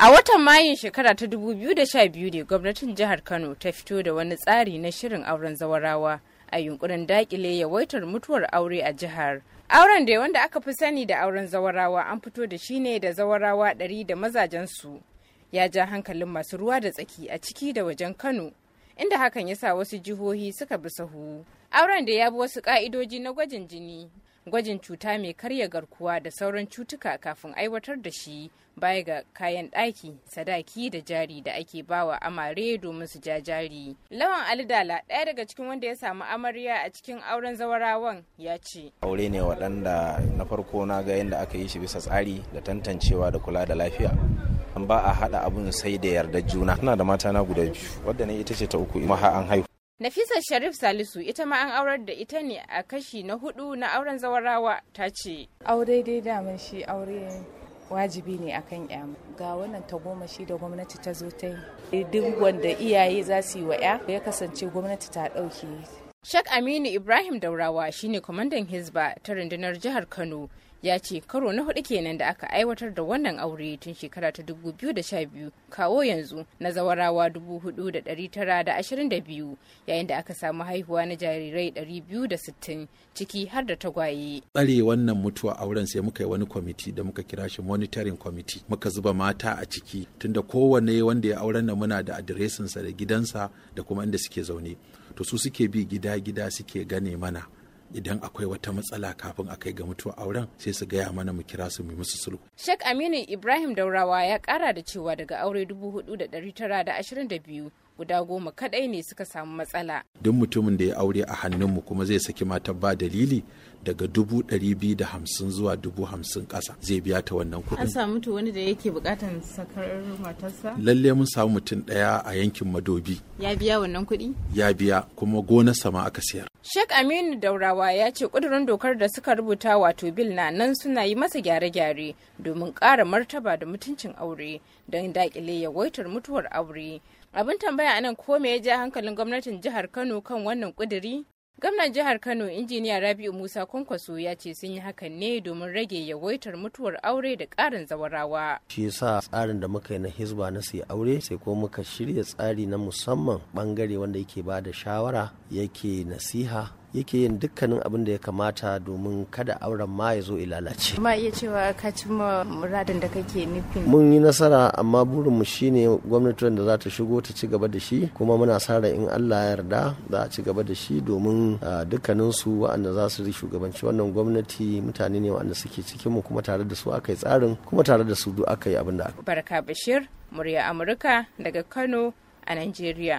A watan Mayun shekara ta 2012 ne gwamnatin jihar Kano ta fito da wani tsari na shirin auren zawarawa a yunkurin dakile yawaitar mutuwar aure a jihar. Auren da wanda aka fi sani da auren zawarawa an fito da shi ne da zawarawa ɗari da mazajensu. Ya ja hankalin masu ruwa da tsaki a ciki da wajen Kano, inda hakan ya sa wasu jihohi suka bi sahu. Auren da ya bi wasu ƙa'idoji na gwajin jini gwajin cuta mai karya garkuwa da sauran cutuka kafin aiwatar da shi baya ga kayan ɗaki sadaki da jari da ake bawa amare domin su ja jari lawan alidala ɗaya daga cikin wanda ya samu amarya a cikin auren zawarawan ya ce aure ne waɗanda na farko na ga yadda aka yi shi bisa tsari da tantancewa da kula da lafiya ba a haɗa abun sai da yarda juna ina da mata na guda biyu wadda ne ita ce ta uku ma an haihu Nafisa Sharif Salisu ita ma an aurar da ita ne a kashi na hudu na auren zawarawa ta ce. Aure dai daman shi aure wajibi ne akan ya ga wannan ta goma shi da gwamnati ta zo ta yi duk wanda iyaye za su yi wa ya ya kasance gwamnati ta ɗauke Shek Aminu Ibrahim Daurawa shine kwamandan Hizba ta rundunar jihar Kano ya ce karo na hudu kenan da aka aiwatar da wannan aure tun shekara ta 2012 kawo yanzu na zawarawa 4,922 yayin da aka samu haihuwa na jarirai 260 ciki har da tagwaye. Tsare wannan mutuwa auren sai muka yi wani kwamiti da muka kira shi monitoring committee muka zuba mata a ciki tunda kowane wanda ya auren na muna da adiresinsa da gidansa da kuma inda suke zaune to su suke bi gida-gida suke gane mana idan akwai wata matsala kafin a kai ga mutuwa auren sai su gaya mana mu kira su mu musu sulhu. Sheikh Aminu Ibrahim Daurawa ya kara da cewa daga aure 4,922 guda goma kadai ne suka samu matsala. Duk mutumin da ya aure a hannunmu kuma zai saki mata ba dalili daga dubu ɗari biyu da hamsin zuwa dubu hamsin ƙasa zai biya ta wannan kuɗin. An samu mutu wani da yake buƙatar sakar matarsa? Lalle mun samu mutum ɗaya a yankin Madobi. Ya biya wannan kuɗi? Ya biya kuma gona sama aka sayar. Sheikh Aminu Daurawa ya ce ƙudurin dokar da suka rubuta wato bil na nan suna yi masa gyare-gyare domin ƙara martaba da mutuncin aure don daƙile yawaitar mutuwar aure. abin tambaya anan ko me ya ja hankalin gwamnatin jihar kano kan wannan kuduri gwamnan jihar kano injiniya rabiu musa kwankwaso ya ce sun yi hakan ne domin rage yawaitar mutuwar aure da ƙarin zawarawa shi yasa tsarin da muka yi na hizba na sai aure sai ko muka shirya tsari na musamman bangare wanda yake ba da shawara yake nasiha yake yin dukkanin abin da ya kamata domin kada auren ma ya zo lalace. ma iya cewa ka cimma muradin da kake nufin. Mun yi nasara amma burinmu shine gwamnatin da za ta shigo ta ci gaba da shi kuma muna sara in Allah ya yarda za a ci gaba da shi domin dukkanin su wa'anda za su shugabanci wannan gwamnati mutane ne wa'anda suke cikin mu kuma tare da su aka yi tsarin kuma tare da su duk aka yi abin da aka. Barka Bashir, murya Amurka daga Kano a Najeriya.